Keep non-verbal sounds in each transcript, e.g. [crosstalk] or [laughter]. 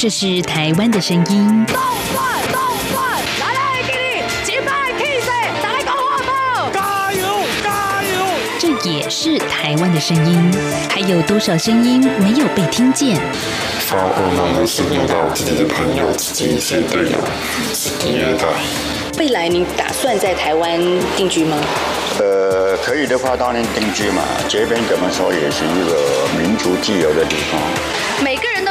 這是台灣的聲音。動動來來給你拜，加油加油！這也是台灣的聲音。還有多少聲音沒有被聽見？自己的朋友、朋友、的。未來您打算在台灣定居嗎？呃，可以的話，當然定居嘛。這邊怎麼說，也是一個民族自由的地方。每個。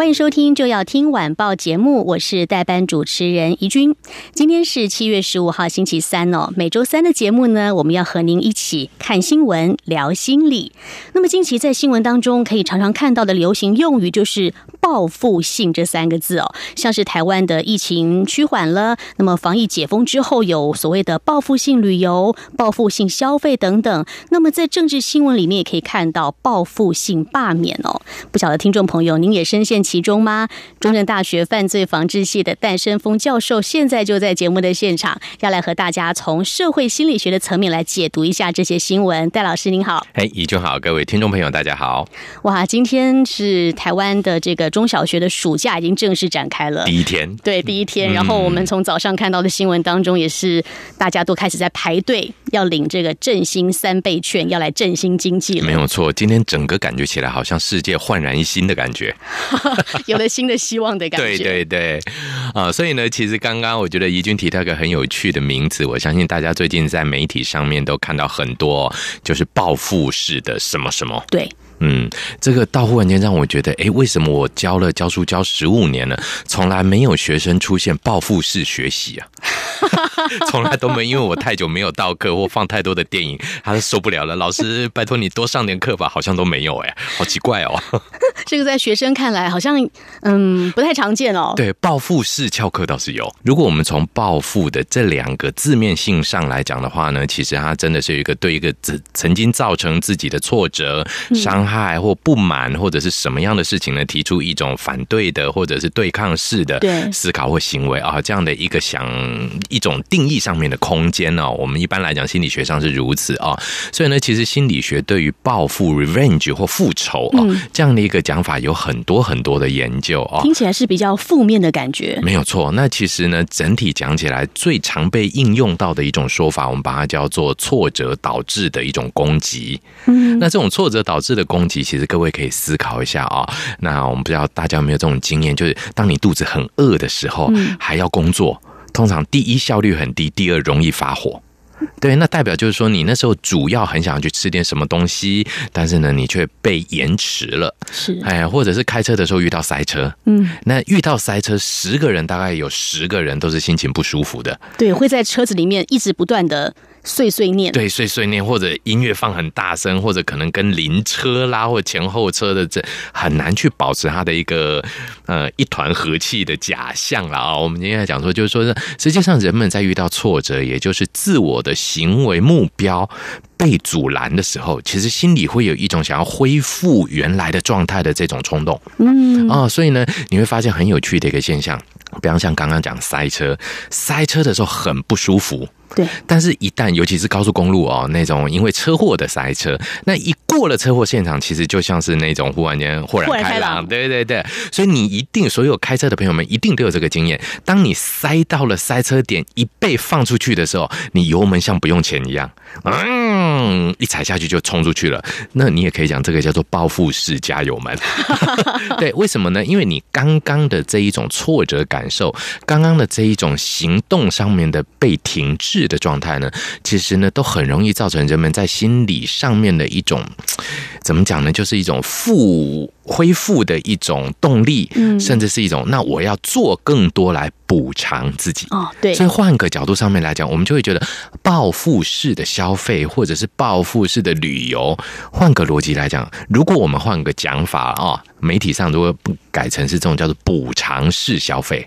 歡迎收聽就要聽晚報節目，我是代班主持人怡君。今天是七月十五號，星期三哦。每周三的節目呢，我們要和您一起看新聞、聊心理。那麼近期在新聞當中，可以常常看到的流行用語就是“報復性”這三個字哦。像是台灣的疫情趨緩了，那麼防疫解封之後，有所謂的報復性旅遊、報復性消費等等。那麼在政治新聞裡面，也可以看到“報復性罷免”哦。不曉得聽眾朋友，您也深陷其中嗎？中正大學犯罪防治系的戴生峰教授現在就在節目的現場，要來和大家從社會心理學的層面來解讀一下這些新聞。戴老師您好。哎，宜君好，各位聽眾朋友大家好。哇，今天是台灣的這個中小學的暑假已經正式展開了，第一天。對，第一天。嗯，然後我們從早上看到的新聞當中，也是大家都開始在排隊要領這個振興三倍券，要來振興經濟。沒有錯，今天整個感覺起來好像世界煥然一新的感覺。 [laughs] [laughs] 有了新的希望的感覺， [laughs] 對對對，啊，所以呢，其實剛剛我覺得怡君提到一個很有趣的名字，我相信大家最近在媒體上面都看到很多，就是報復式的什麼什麼，對。嗯，這個到忽然間讓我覺得，哎、欸，為什麼我教了教書教十五年呢，從來沒有學生出現報復式學習啊？從 [laughs] 來都沒，因為我太久沒有到課或放太多的電影，他是受不了了。老師，拜託你多上點課吧，好像都沒有哎、欸，好奇怪哦。這個在學生看來好像嗯不太常見哦。對，報復式翹課倒是有。如果我們從“報復”的這兩個字面性上來講的話呢，其實他真的是一個對一個自曾經造成自己的挫折傷害害或不滿或者是什麼樣的事情呢？提出一種反對的或者是對抗式的思考或行為啊、哦，這樣的一個想一種定義上面的空間呢、哦，我們一般來講心理學上是如此啊、哦。所以呢，其實心理學對於報復 （revenge） 或復仇啊、哦、這樣的一個講法有很多很多的研究啊。哦、聽起來是比較負面的感覺，沒有錯。那其實呢，整體講起來最常被應用到的一種說法，我們把它叫做挫折導致的一種攻擊。嗯，那這種挫折導致的攻擊其實各位可以思考一下啊、哦，那我們不知道大家有沒有這種經驗，就是當你肚子很餓的時候，嗯、還要工作，通常第一效率很低，第二容易發火。對，那代表就是說你那時候主要很想去吃點什麼東西，但是呢，你卻被延遲了。是，哎，或者是開車的時候遇到塞車，嗯，那遇到塞車，十個人大概有十個人都是心情不舒服的。對，會在車子裡面一直不斷的。碎碎念，對碎碎念，或者音樂放很大聲，或者可能跟鄰車啦，或者前後車的這很難去保持它的一個呃一團和氣的假象了啊、哦。我們今天來講說，就是說，實際上人們在遇到挫折，也就是自我的行為目標被阻攔的時候，其實心裡會有一種想要恢復原來的狀態的這種衝動。嗯啊、哦，所以呢，你會發現很有趣的一個現象，比方像剛剛講塞車，塞車的時候很不舒服。對，但是，一旦尤其是高速公路哦，那種因為車禍的塞車，那一過了車禍現場，其實就像是那種忽然間豁然開朗，開對對對。所以，你一定所有開車的朋友們一定都有這個經驗，當你塞到了塞車點，一被放出去的時候，你油門像不用錢一樣，嗯，一踩下去就衝出去了。那你也可以講這個叫做報復式加油門。 [laughs] 對，為什麼呢？因為你剛剛的這一種挫折感受，剛剛的這一種行動上面的被停滯。的狀態呢，其實呢，都很容易造成人們在心理上面的一種，怎麼講呢，就是一種負。恢復的一種動力，甚至是一種、嗯、那我要做更多來補償自己。哦，對。所以換個角度上面來講，我們就會覺得報復式的消費或者是報復式的旅遊，換個邏輯來講，如果我們換個講法啊、哦，媒體上如果改成是這種叫做補償式消費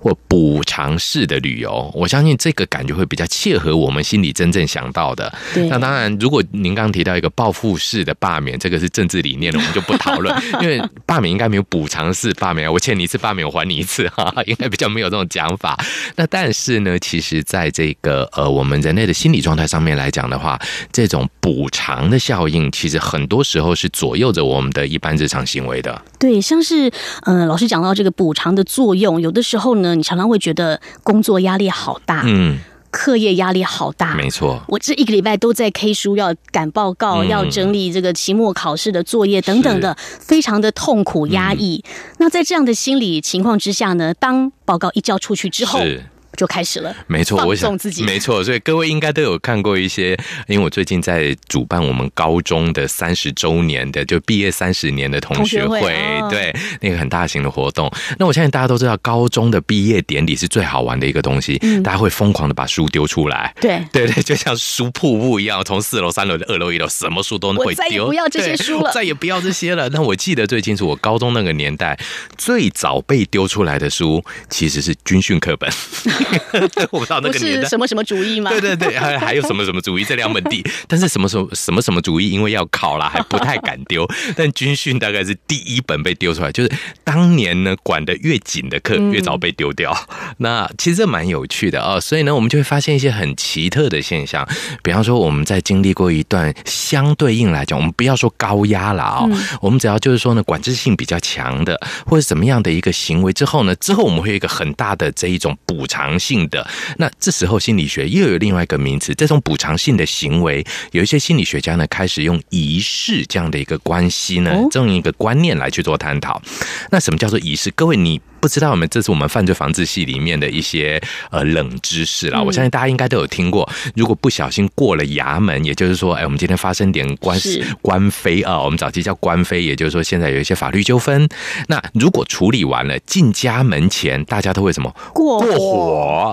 或補償式的旅遊，我相信這個感覺會比較切合我們心裡真正想到的。對那當然，如果您剛剛提到一個報復式的罷免，這個是政治理念的，我們就不討論。 [laughs] [laughs] 因為罷免應該沒有補償式罷免，啊，我欠你一次罷免，我還你一次哈哈，應該比較沒有這種講法。那但是呢，其實，在這個呃，我們人類的心理狀態上面來講的話，這種補償的效應，其實很多時候是左右着我們的一般日常行為的。對，像是嗯，呃，老師講到這個補償的作用，有的時候呢，你常常會覺得工作壓力好大。嗯。課業壓力好大，沒錯錯，我這一個禮拜都在 K 書，要趕報告，嗯、要整理這個期末考試的作業等等的，是非常的痛苦壓抑。嗯、那在這樣的心理情況之下呢，當報告一交出去之後。是就開始了，沒錯錯，放鬆自己，沒錯，所以各位應該都有看過一些，因為我最近在主辦我們高中的三十週年的就畢業三十年的同學會，學會哦、對那個很大型的活動。那我相信大家都知道，高中的畢業典禮是最好玩的一個東西，嗯、大家會瘋狂的把書丟出來，對，對，對對，就像書瀑布一樣，從四樓、三樓、二樓、一樓，什麼書都會丟，再也不要這些書了，再也不要這些了。 [laughs] 那我記得最清楚，我高中那個年代最早被丟出來的書其實是軍訓課本。 [laughs] [laughs] 我不知道那個是什麼什麼主義嗎？對對對，還還有什麼什麼主義這兩本地。但是什麼什麼什麼什麼主義，因為要考啦，還不太敢丟。但軍訓大概是第一本被丟出來，就是當年呢管得越緊的課越早被丟掉。嗯、那其實這蠻有趣的啊、喔，所以呢，我們就會發現一些很奇特的現象。比方說，我們在經歷過一段相對應來講，我們不要說高壓啦喔，我們只要就是說呢，管制性比較強的或者怎麼樣的一個行為之後呢，之後我們會有一個很大的這一種補償性的，那這時候心理學又有另外一個名詞。這種補償性的行為，有一些心理學家呢開始用儀式這樣的一個關係呢，這樣一個觀念來去做探討。哦、那什麼叫做儀式？各位你，不知道我們這是我們犯罪防治系裡面的一些呃冷知識啦，嗯、我相信大家應該都有聽過。如果不小心過了衙門，也就是說，哎、欸，我們今天發生點官司是官非啊、呃，我們早期叫官非，也就是說現在有一些法律糾紛。那如果處理完了，進家門前，大家都會什麼過我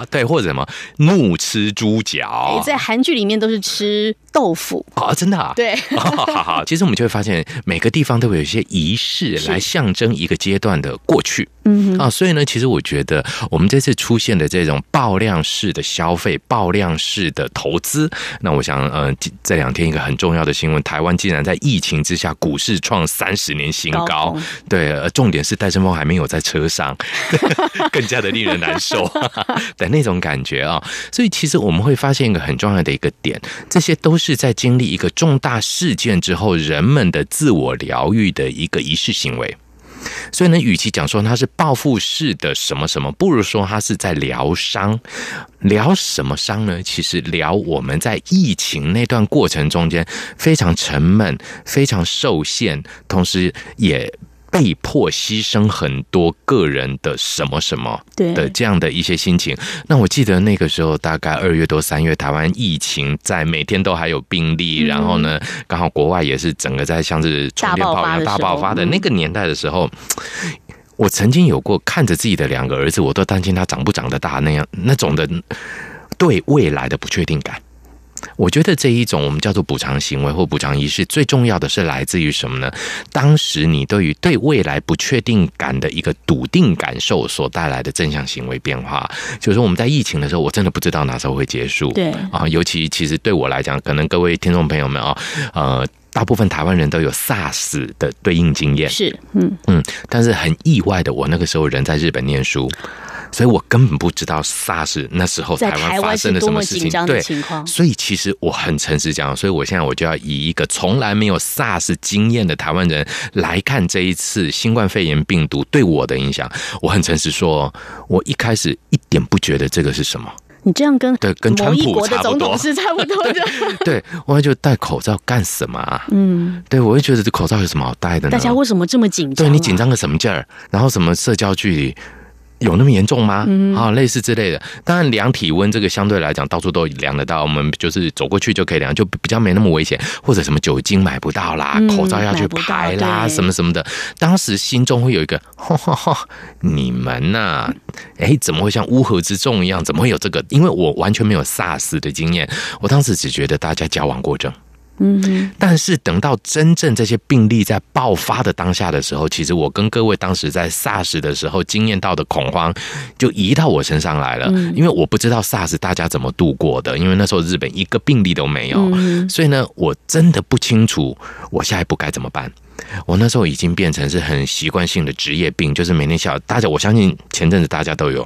火？對，或者什麼怒吃豬腳？欸？在韓劇裡面都是吃豆腐、哦、啊，真的？啊？對、哦，好好。其實我們就會發現，每個地方都會有一些儀式來象徵一個階段的過去。是嗯哼。啊，所以呢，其實我覺得我們這次出現的這種爆量式的消費、爆量式的投資，那我想，嗯、呃，這兩天一個很重要的新聞，台灣竟然在疫情之下股市創三十年新高。高同對，而重點是戴勝峰還沒有在車上，更加的令人難受。的 [laughs] [laughs] 那種感覺啊、哦，所以其實我們會發現一個很重要的一個點，這些都是在經歷一個重大事件之後人們的自我療癒的一個儀式行為。所以呢，與其講說他是報復式的什麼什麼，不如說他是在療傷。療什麼傷呢？其實療我們在疫情那段過程中間非常沉悶、非常受限，同時也，被迫犧牲很多個人的什麼什麼的這樣的一些心情。對那我記得那個時候，大概二月多三月，台灣疫情在每天都還有病例，嗯、然後呢，剛好國外也是整個在像是大大爆發的那個年代的時候，嗯、我曾經有過看着自己的兩個兒子，我都擔心他長不長得大那樣那種的對未來的不確定感。我覺得這一種我們叫做補償行為或補償儀式，最重要的是來自於什麼呢？當時你對於對未來不確定感的一個篤定感受所帶來的正向行為變化，就是說我們在疫情的時候，我真的不知道哪時候會結束。對啊，尤其其實對我來講，可能各位聽眾朋友們啊、哦，呃，大部分台灣人都有 SARS 的對應經驗。是，嗯嗯，但是很意外的，我那個時候人在日本念書。所以我根本不知道 SARS 那時候台灣發生了什麼事情。是的情況，對，所以其實我很誠實講，所以我現在我就要以一個從來沒有 SARS 經驗的台灣人來看這一次新冠肺炎病毒對我的影響。我很誠實說，我一開始一點不覺得這個是什麼。你這樣跟對跟川普差不多國，的總統是差不多的。 [laughs] 對，對我就戴口罩幹什麼啊？嗯，對我就覺得這口罩有什麼好戴的呢？大家為什麼這麼緊張、啊？對你緊張個什麼勁兒？然後什麼社交距離？有那麼嚴重嗎？啊，類似之類的。當然，量體溫這個相對來講，到處都量得到，我們就是走過去就可以量，就比較沒那麼危險。或者什麼酒精買不到啦，嗯、口罩要去排啦，什麼什麼的。當時心中會有一個，呵呵呵你們吶、啊，哎、欸，怎麼會像烏合之眾一樣？怎麼會有這個？因為我完全沒有 SARS 的經驗，我當時只覺得大家矯枉過正。嗯，但是等到真正這些病例在爆發的當下的時候，其實我跟各位當時在 SARS 的時候，經驗到的恐慌就移到我身上來了。因為我不知道 SARS 大家怎麼度過的，因為那時候日本一個病例都沒有，所以呢，我真的不清楚我下一步該怎麼辦。我那時候已經變成是很習慣性的職業病，就是每天笑。大家，我相信前陣子大家都有。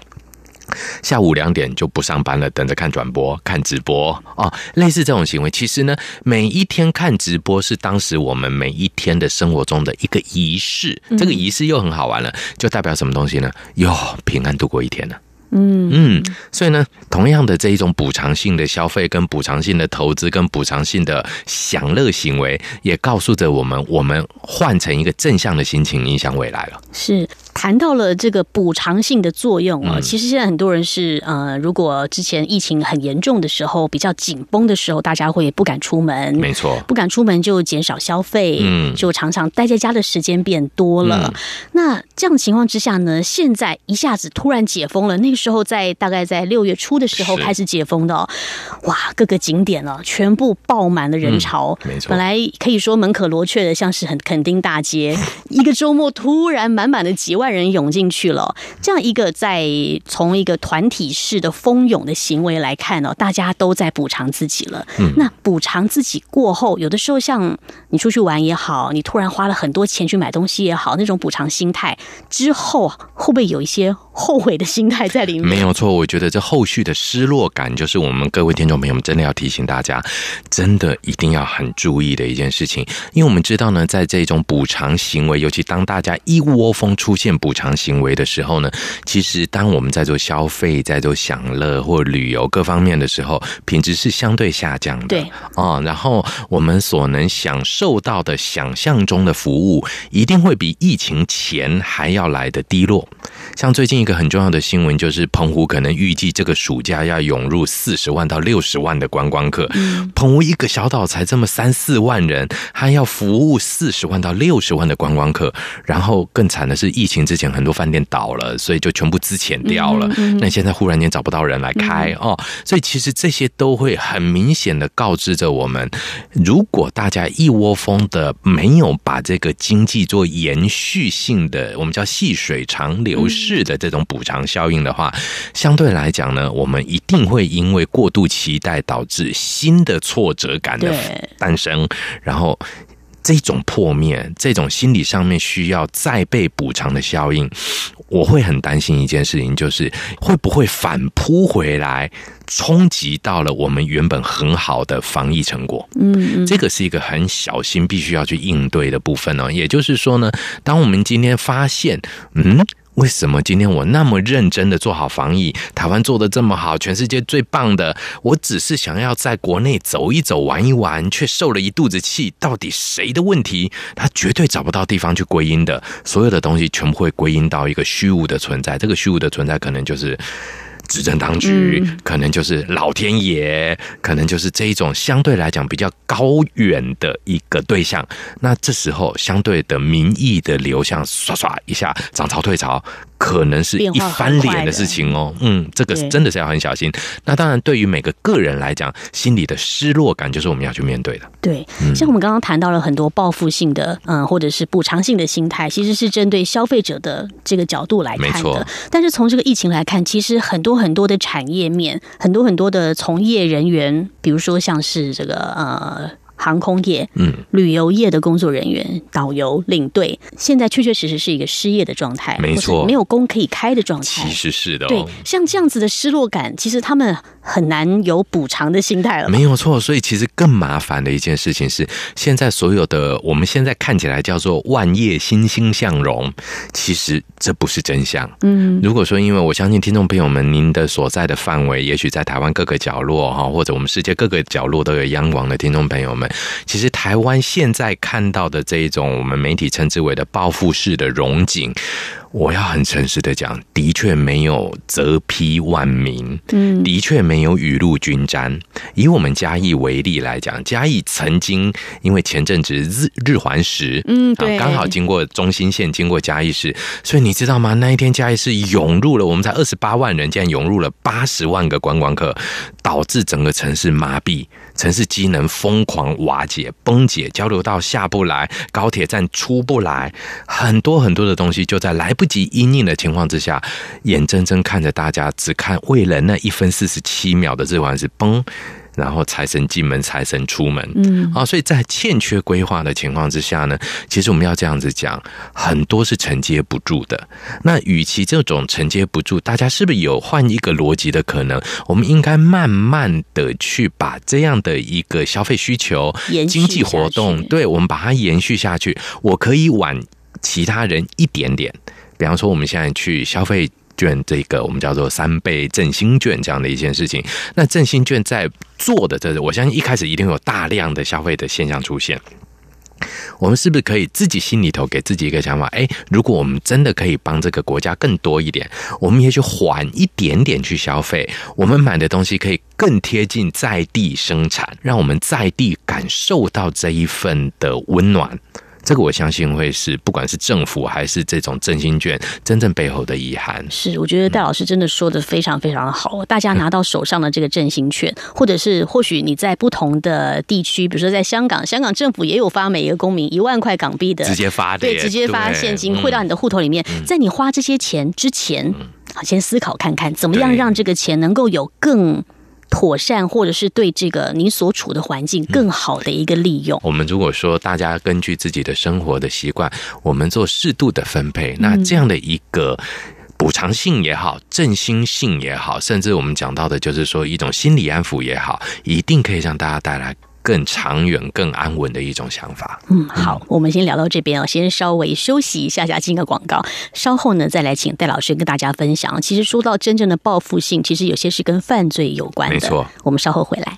下午兩點就不上班了，等着看轉播、看直播啊、哦！類似這種行為，其實呢，每一天看直播是當時我們每一天的生活中的一個儀式。嗯、這個儀式又很好玩了，就代表什麼東西呢？喲，平安度過一天了、啊。嗯嗯，所以呢，同樣的這一種補償性的消費、跟補償性的投資、跟補償性的享樂行為，也告訴着我們，我們換成一個正向的心情，影響未來了。是。談到了這個補償性的作用啊，嗯、其實現在很多人是呃，如果之前疫情很嚴重的時候，比較緊繃的時候，大家會不敢出門，沒錯錯，不敢出門就減少消費，嗯，就常常待在家的時間變多了。嗯、那這樣的情況之下呢，現在一下子突然解封了，那個時候在大概在六月初的時候開始解封的，是哇，各個景點啊全部爆滿了人潮，嗯、沒錯，本來可以說門可羅雀的，像是很墾丁大街， [laughs] 一個週末突然滿滿的幾。萬人湧進去了，這樣一個在從一個團體式的蜂擁的行為來看呢，大家都在補償自己了。嗯。那補償自己過後，有的時候像你出去玩也好，你突然花了很多錢去買東西也好，那種補償心態之後，會不會有一些？後悔的心態在裡面，沒有錯。我覺得這後續的失落感，就是我們各位聽眾朋友們真的要提醒大家，真的一定要很注意的一件事情。因為我們知道呢，在這種補償行為，尤其當大家一窩蜂出現補償行為的時候呢，其實當我們在做消費、在做享樂或旅遊各方面的時候，品質是相對下降的。對啊。哦，然後我們所能享受到的想象中的服務，一定會比疫情前還要來得低落。像最近一個很重要的新聞就是，澎湖可能預計這個暑假要湧入四十萬到六十萬的觀光客。嗯、澎湖一個小島才這麼三四萬人，他要服務四十萬到六十萬的觀光客，然後更慘的是，疫情之前很多飯店倒了，所以就全部資遣掉了。那、嗯嗯嗯、現在忽然間找不到人來開、嗯、哦，所以其實這些都會很明顯的告知着我們，如果大家一窩蜂的沒有把這個經濟做延續性的，我們叫細水長流水。嗯是的，這種補償效應的話，相對來講呢，我們一定會因為過度期待導致新的挫折感的誕生，對然後這種破滅，這種心理上面需要再被補償的效應，我會很擔心一件事情，就是會不會反撲回來，衝擊到了我們原本很好的防疫成果。嗯，嗯，這個是一個很小心必須要去應對的部分呢、哦。也就是說呢，當我們今天發現，嗯。為什麼今天我那麼認真的做好防疫，台灣做得這麼好，全世界最棒的，我只是想要在國內走一走、玩一玩，卻受了一肚子氣。到底誰的問題？他絕對找不到地方去歸因的，所有的東西全部會歸因到一個虛無的存在。這個虛無的存在，可能就是。執政當局，嗯，可能就是老天爺，可能就是這一種相對來講比較高遠的一個對象。那這時候，相對的民意的流向，刷刷一下，漲潮退潮。可能是一翻臉的事情哦，嗯，這個真的是要很小心。對，那當然，對於每個個人來講，心裡的失落感就是我們要去面對的。對，嗯、像我們剛剛談到了很多報復性的，嗯、呃，或者是補償性的心態，其實是針對消費者的這個角度來看的。沒錯。但是從這個疫情來看，其實很多很多的產業面，很多很多的從業人員，比如說像是這個呃。航空業、嗯，旅遊業的工作人員、嗯、導遊、領隊，現在確確實實是一個失業的狀態，沒錯，沒有工可以開的狀態，其實是的哦。對，像這樣子的失落感，其實他們很難有補償的心態了。沒有錯，所以其實更麻煩的一件事情是，現在所有的我們現在看起來叫做萬業欣欣向榮，其實這不是真相。嗯，如果說，因為我相信聽眾朋友們，您的所在的範圍，也許在台灣各個角落哈，或者我們世界各個角落都有央廣的聽眾朋友們。其實台灣現在看到的這一種我們媒體稱之為的報復式的榮景，我要很誠實的講，的確沒有澤被萬民，嗯，的確沒有雨露均沾。以我們嘉義為例來講，嘉義曾經因為前陣子日日環食，嗯，對，剛好經過中心線，經過嘉義市，所以你知道嗎？那一天嘉義市湧入了我們才二十八萬人，竟然湧入了八十萬個觀光客，導致整個城市麻痹。城市機能瘋狂瓦解，崩解，交流道下不來，高鐵站出不來，很多很多的東西就在來不及因應的情況之下，眼睜睜看着大家只看為了那一分四十七秒的日環食崩。然後財神進門，財神出門，嗯啊，所以在欠缺規劃的情況之下呢，其實我們要這樣子講，很多是承接不住的。那與其這種承接不住，大家是不是有換一個邏輯的可能？我們應該慢慢的去把這樣的一個消費需求、經濟活動，對，我們把它延續下去。我可以晚其他人一點點，比方說我們現在去消費。券這個我們叫做三倍振興券，這樣的一件事情。那振興券在做的這，我相信一開始一定有大量的消費的現象出現。我們是不是可以自己心裡頭給自己一個想法？誒、哎，如果我們真的可以幫這個國家更多一點，我們也許緩一點點去消費。我們買的東西可以更貼近在地生產，讓我們在地感受到這一份的溫暖。這個我相信會是，不管是政府還是這種振興券，真正背後的遺憾。是，我覺得戴老師真的說得非常非常的好。嗯、大家拿到手上的這個振興券，嗯、或者是或許你在不同的地區，比如說在香港，香港政府也有發每一個公民一萬塊港幣的，直接發的，對，直接發現金對匯到你的戶頭裡面。嗯、在你花這些錢之前，好、嗯啊、先思考看看怎麼樣讓這個錢能夠有更妥善，或者是對這個您所處的環境更好的一個利用。嗯，我們如果說大家根據自己的生活的習慣，我們做適度的分配，那這樣的一個補償性也好，振興性也好，甚至我們講到的，就是說一種心理安撫也好，一定可以向大家帶來。更長遠、更安穩的一種想法。嗯，好，我們先聊到這邊哦，先稍微休息一下下，進個廣告，稍後呢，再來請戴老師跟大家分享。其實說到真正的報復性，其實有些是跟犯罪有關的，沒錯。我們稍後回來。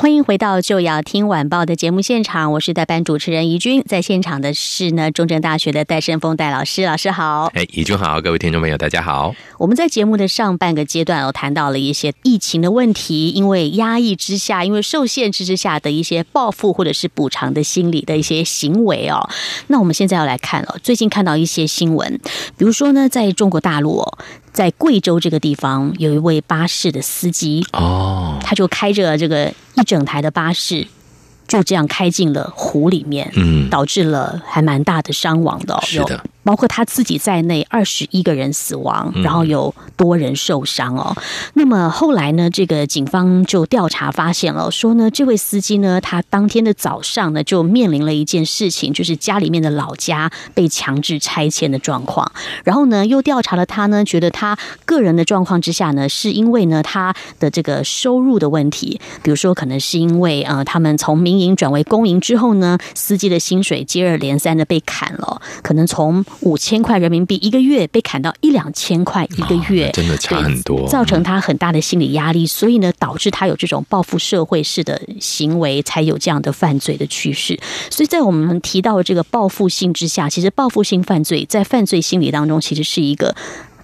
歡迎回到就要聽晚報的節目現場，我是代班主持人宜君，在現場的是呢，中正大學的戴伸峰戴老師，老師好。哎，宜君好，各位聽眾朋友，大家好。我們在節目的上半個階段哦，談到了一些疫情的問題，因為壓抑之下，因為受限制之下的一些報復或者是補償的心理的一些行為哦。那我們現在要來看哦，最近看到一些新聞，比如說呢，在中國大陸，哦。在貴州這個地方，有一位巴士的司機，哦，他就開着這個一整台的巴士，就這樣開進了湖裡面，嗯，導致了還蠻大的傷亡的哦，是的。包括他自己在內，二十一個人死亡，然後有多人受傷哦。嗯。那麼後來呢，這個警方就調查發現了，說呢，這位司機呢，他當天的早上呢，就面臨了一件事情，就是家裡面的老家被強制拆遷的狀況。然後呢，又調查了他呢，覺得他個人的狀況之下呢，是因為呢，他的這個收入的問題，比如說可能是因為呃，他們從民營轉為公營之後呢，司機的薪水接二連三的被砍了，可能從五千塊人民幣一個月被砍到一兩千塊一個月，哦，真的差很多，造成他很大的心理壓力，所以呢，導致他有這種報復社會式的行為，才有這樣的犯罪的趨勢。所以在我們提到的這個報復性之下，其實報復性犯罪在犯罪心理當中其實是一個。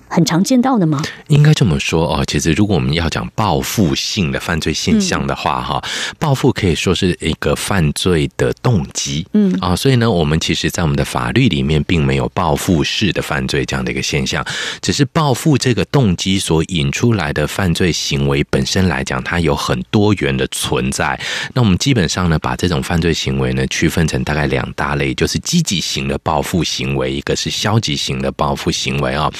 很常見到的嗎？應該這麼說哦。其實，如果我們要講報復性的犯罪現象的話，哈、嗯，報復可以說是一個犯罪的動機，嗯啊，所以呢，我們其實，在我們的法律裡面，並沒有報復式的犯罪這樣的一個現象，只是報復這個動機所引出來的犯罪行為本身來講，它有很多元的存在。那我們基本上呢，把這種犯罪行為呢，區分成大概兩大類，就是積極型的報復行為，一個是消極型的報復行為啊。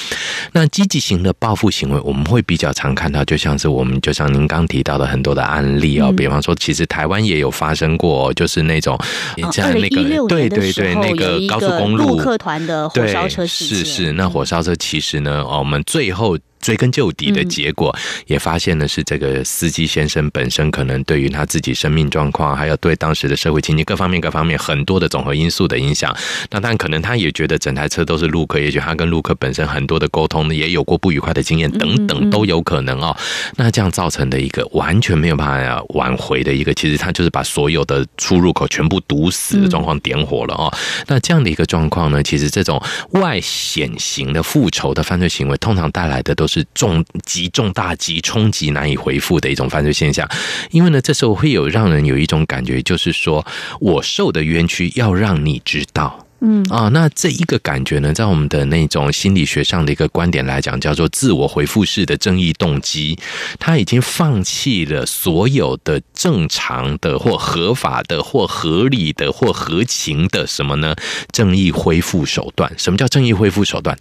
那積極型的報復行為，我們會比較常看到，就像是我們就像您剛提到的很多的案例哦，嗯、比方說，其實台灣也有發生過，就是那種你在、嗯、那個，對對對那個高速公路客團的火燒車，對，是是，那火燒車其實呢，嗯、我們最後。追根究底的結果，嗯、也發現呢是這個司機先生本身可能對於他自己生命狀況，還有對當時的社會情境各方面、各方面很多的總和因素的影響。那但可能他也覺得整台車都是陸客，也許他跟陸客本身很多的溝通也有過不愉快的經驗等等都有可能哦。嗯嗯那這樣造成的一個完全沒有辦法挽回的一個，其實他就是把所有的出入口全部堵死的狀況點火了哦。嗯、那這樣的一個狀況呢，其實這種外顯型的復仇的犯罪行為，通常帶來的都是。重極重大極衝擊難以回復的一種犯罪現象，因為呢，這時候會有讓人有一種感覺，就是說我受的冤屈要讓你知道，嗯，啊，那這一個感覺呢，在我們的那種心理學上的一個觀點來講，叫做自我回復式的正義動機，他已經放棄了所有的正常的或合法的或合理的或合情的什麼呢？正義恢復手段。什麼叫正義恢復手段？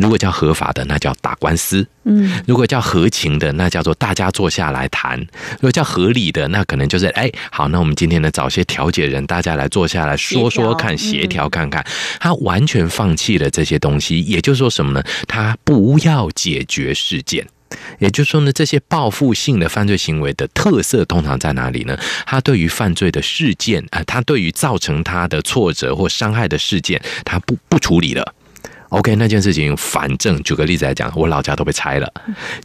如果叫合法的，那叫打官司；嗯，如果叫合情的，那叫做大家坐下來談；如果叫合理的，那可能就是哎、欸，好，那我們今天呢找些調解人，大家來坐下來說說看，協調、嗯嗯、協調看看。他完全放棄了這些東西，也就是說什麼呢？他不要解決事件，也就是說呢，這些報復性的犯罪行為的特色通常在哪裡呢？他對於犯罪的事件，呃、他對於造成他的挫折或傷害的事件，他不不處理了。OK，那件事情，反正舉個例子來講，我老家都被拆了；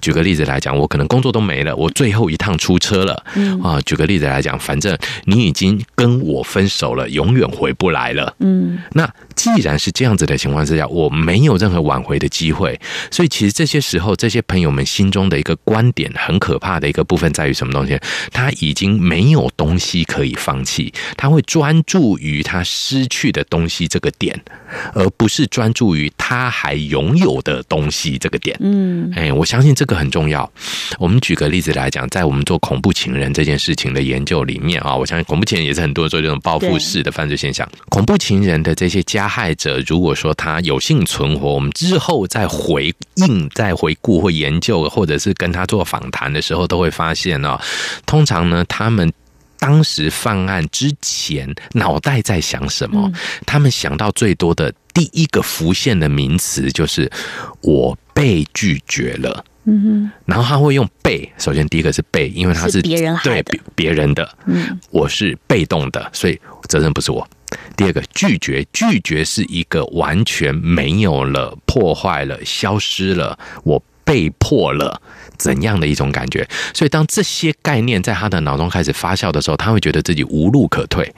舉個例子來講，我可能工作都沒了；我最後一趟出車了，嗯、啊，舉個例子來講，反正你已經跟我分手了，永遠回不來了。嗯，那。既然是這樣子的情況之下，我沒有任何挽回的機會，所以其實這些時候，這些朋友們心中的一個觀點，很可怕的一個部分在於什麼東西？他已經沒有東西可以放棄，他會專注於他失去的東西這個點，而不是專注於他還擁有的東西這個點。嗯，哎、欸，我相信這個很重要。我們舉個例子來講，在我們做恐怖情人這件事情的研究裡面啊，我相信恐怖情人也是很多人做這種報復式的犯罪現象，對恐怖情人的這些家。加害者如果說他有幸存活，我們之後再回應、再回顧或研究，或者是跟他做訪談的時候，都會發現哦，通常呢，他們當時犯案之前腦袋在想什麼？嗯、他們想到最多的第一個浮現的名詞就是“我被拒絕了”嗯哼。嗯，然後他會用“被”，首先第一個是“被”，因為他是，是別人對別人的，嗯，我是被動的，所以責任不是我。第二個拒絕，拒絕是一個完全沒有了、破壞了、消失了，我被迫了怎樣的一種感覺？所以，當這些概念在他的腦中開始發酵的時候，他會覺得自己無路可退，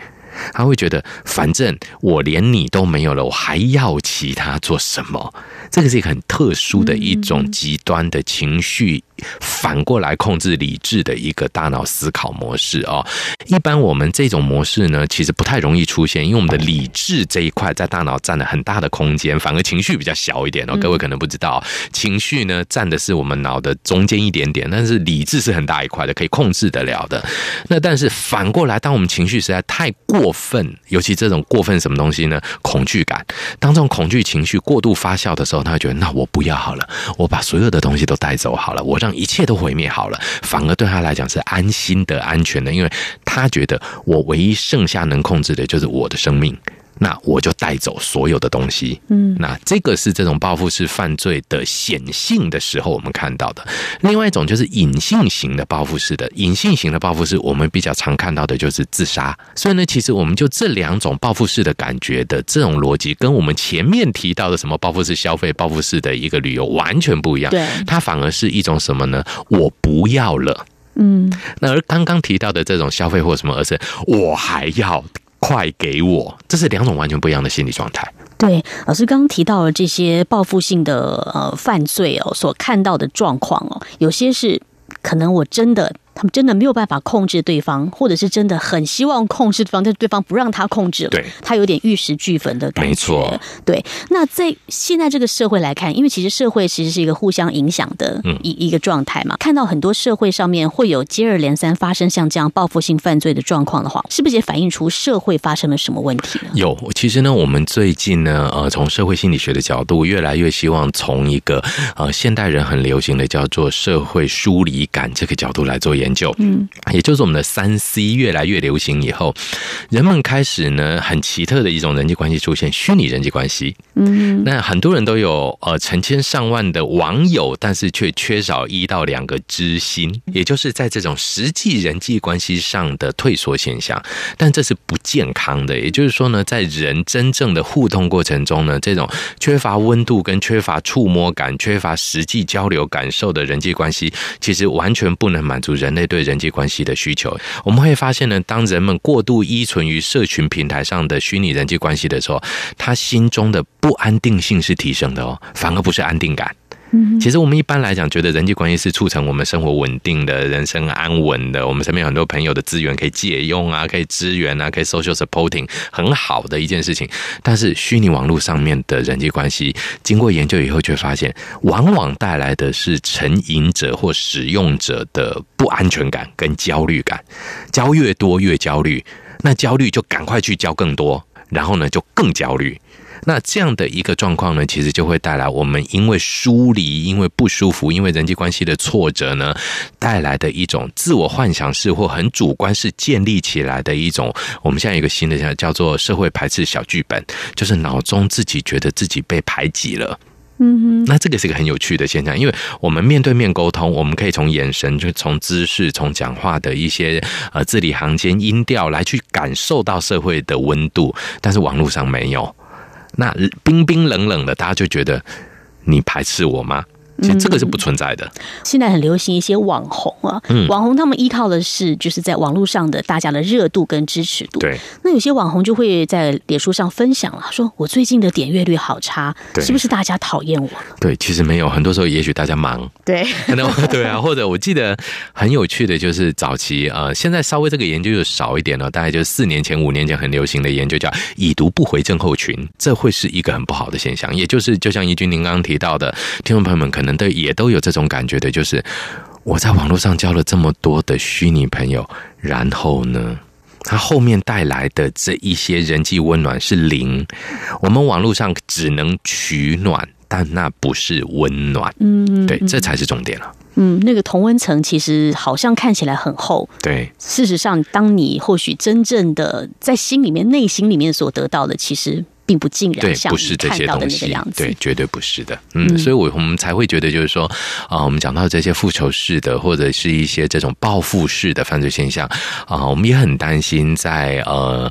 他會覺得反正我連你都沒有了，我還要其他做什麼？這個是一個很特殊的一種極端的情緒。反過來控制理智的一個大腦思考模式哦，一般我們這種模式呢，其實不太容易出現，因為我們的理智這一塊在大腦佔了很大的空間，反而情緒比較小一點哦。各位可能不知道，情緒呢佔的是我們腦的中間一點點，但是理智是很大一塊的，可以控制得了的。那但是反過來，當我們情緒實在太過分，尤其這種過分什麼東西呢？恐懼感。當這種恐懼情緒過度發酵的時候，他會覺得那我不要好了，我把所有的東西都帶走好了，我讓一切都毀滅好了，反而對他來講是安心的、安全的，因為他覺得我唯一剩下能控制的就是我的生命。那我就帶走所有的東西，嗯，那這個是這種報復式犯罪的顯性的時候我們看到的。另外一種就是隱性型的報復式的，隱性型的報復式我們比較常看到的就是自殺。所以呢，其實我們就這兩種報復式的感覺的這種邏輯，跟我們前面提到的什麼報復式消費、報復式的一個旅遊完全不一樣。對，它反而是一種什麼呢？我不要了，嗯。那而剛剛提到的這種消費或什麼，而是我還要。快給我！這是兩種完全不一樣的心理狀態。對，老師剛剛提到了這些報復性的呃犯罪哦，所看到的狀況哦，有些是可能我真的。他們真的沒有辦法控制對方，或者是真的很希望控制對方，但是對方不讓他控制了，對，他有點玉石俱焚的感覺。沒錯，對。那在現在這個社會來看，因為其實社會其實是一個互相影響的一一個狀態嘛。嗯、看到很多社會上面會有接二連三發生像這樣報復性犯罪的狀況的話，是不是也反映出社會發生了什麼問題呢？有，其實呢，我們最近呢，呃，從社會心理學的角度，越來越希望從一個呃現代人很流行的叫做社會疏離感這個角度來做研。研究，嗯，也就是我們的三 C 越來越流行以後，人們開始呢，很奇特的一種人際關係出現——虛擬人際關係。嗯，那很多人都有呃成千上萬的網友，但是卻缺少一到兩個知心，也就是在這種實際人際關係上的退縮現象。但這是不健康的，也就是說呢，在人真正的互動過程中呢，這種缺乏溫度，跟缺乏觸摸感、缺乏實際交流感受的人際關係，其實完全不能滿足人。那對人際關係的需求，我們會發現呢，當人們過度依存於社群平台上的虛擬人際關係的時候，他心中的不安定性是提升的哦，反而不是安定感。其實我們一般來講，覺得人際關係是促成我們生活穩定的、的人生安穩的。我們身邊有很多朋友的資源可以借用啊，可以支援啊，可以 social supporting，很好的一件事情。但是虛擬網絡上面的人際關係，經過研究以後，卻發現往往帶來的是成癮者或使用者的不安全感跟焦慮感，交越多越焦慮，那焦慮就趕快去交更多。然後呢，就更焦慮。那這樣的一個狀況呢，其實就會帶來我們因為疏離、因為不舒服、因為人際關係的挫折呢，帶來的一種自我幻想式或很主觀式建立起來的一種。我們現在有一個新的叫叫做社會排斥小劇本，就是腦中自己覺得自己被排擠了。嗯， [noise] 那這個是一個很有趣的現象，因為我們面對面溝通，我們可以從眼神、就從姿勢、從講話的一些呃字裡行間、音調來去感受到社會的溫度，但是網絡上沒有，那冰冰冷冷冷的，大家就覺得你排斥我嗎？這個是不存在的，嗯。現在很流行一些網紅啊，嗯、網紅他們依靠的是就是在網絡上的大家的熱度跟支持度。對，那有些網紅就會在臉書上分享了，啊，說我最近的點閱率好差，對是不是大家討厭我？對，其實沒有，很多時候也許大家忙。對，可 [laughs] 能對啊，或者我記得很有趣的就是早期呃，現在稍微這個研究又少一點了，哦，大概就四年前五年前很流行的研究叫“已讀不回”症候群，這會是一個很不好的現象。也就是就像怡君您剛剛提到的，聽眾朋友們可能。對，也都有這種感覺的，就是我在網絡上交了這麼多的虛擬朋友，然後呢，它後面帶來的這一些人際溫暖是零。我們網絡上只能取暖，但那不是溫暖。嗯，嗯對，這才是重點了啊。嗯，那個同溫層其實好像看起來很厚，對。事實上，當你或許真正的在心裡面、內心裡面所得到的，其實。並不盡然對，不是這些東西，對，絕對不是的。嗯，嗯，所以，我我們才會覺得，就是說，啊、呃，我們講到這些復仇式的，或者是一些這種報復式的犯罪現象啊、呃，我們也很擔心在。在呃，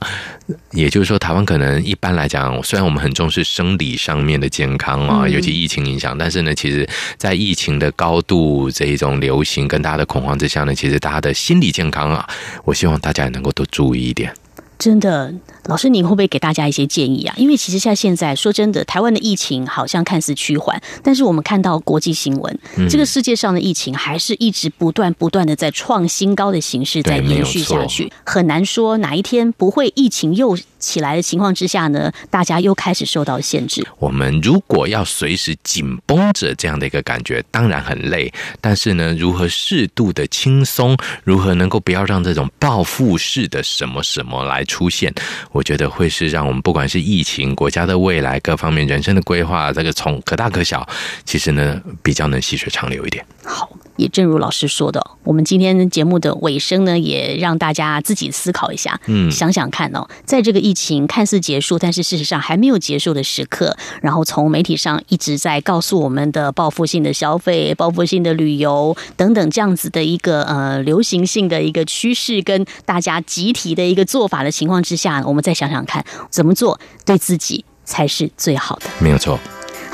也就是說，台灣可能一般來講，雖然我們很重視生理上面的健康啊，嗯、尤其疫情影響，但是呢，其實在疫情的高度這一種流行跟大家的恐慌之下呢，其實大家的心理健康啊，我希望大家也能夠多注意一點。真的。老師，你會不會給大家一些建議啊？因為其實像現在說真的，台灣的疫情好像看似趨緩，但是我們看到國際新聞，嗯、這個世界上的疫情還是一直不斷不斷的在創新高的形式在延續下去，很難說哪一天不會疫情又起來的情況之下呢，大家又開始受到限制。我們如果要隨時緊繃着這樣的一個感覺，當然很累，但是呢，如何適度的輕鬆，如何能夠不要讓這種報復式的什麼什麼來出現？我覺得會是讓我們不管是疫情、國家的未來、各方面人生的規劃，這個從可大可小，其實呢比較能細水長流一點。好。也正如老師說的，我們今天節目的尾聲呢，也讓大家自己思考一下。嗯，想想看哦，在這個疫情看似結束，但是事實上還沒有結束的時刻，然後從媒體上一直在告訴我們的報復性的消費、報復性的旅遊等等這樣子的一個呃流行性的一個趨勢，跟大家集體的一個做法的情況之下，我們再想想看，怎麼做對自己才是最好的？沒有錯。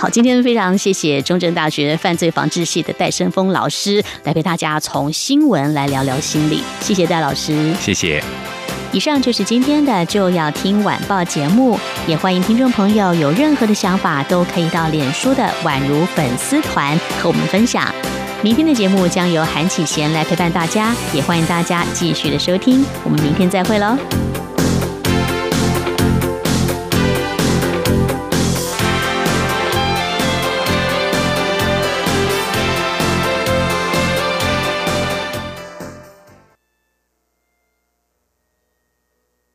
好，今天非常謝謝中正大學犯罪防治系的戴生峰老師來陪大家從新聞來聊聊心理，謝謝戴老師，謝謝。以上就是今天的就要聽晚報節目，也歡迎聽眾朋友有任何的想法都可以到臉書的宛如粉絲團和我們分享。明天的節目將由韓啟賢來陪伴大家，也歡迎大家繼續的收聽，我們明天再會嘍。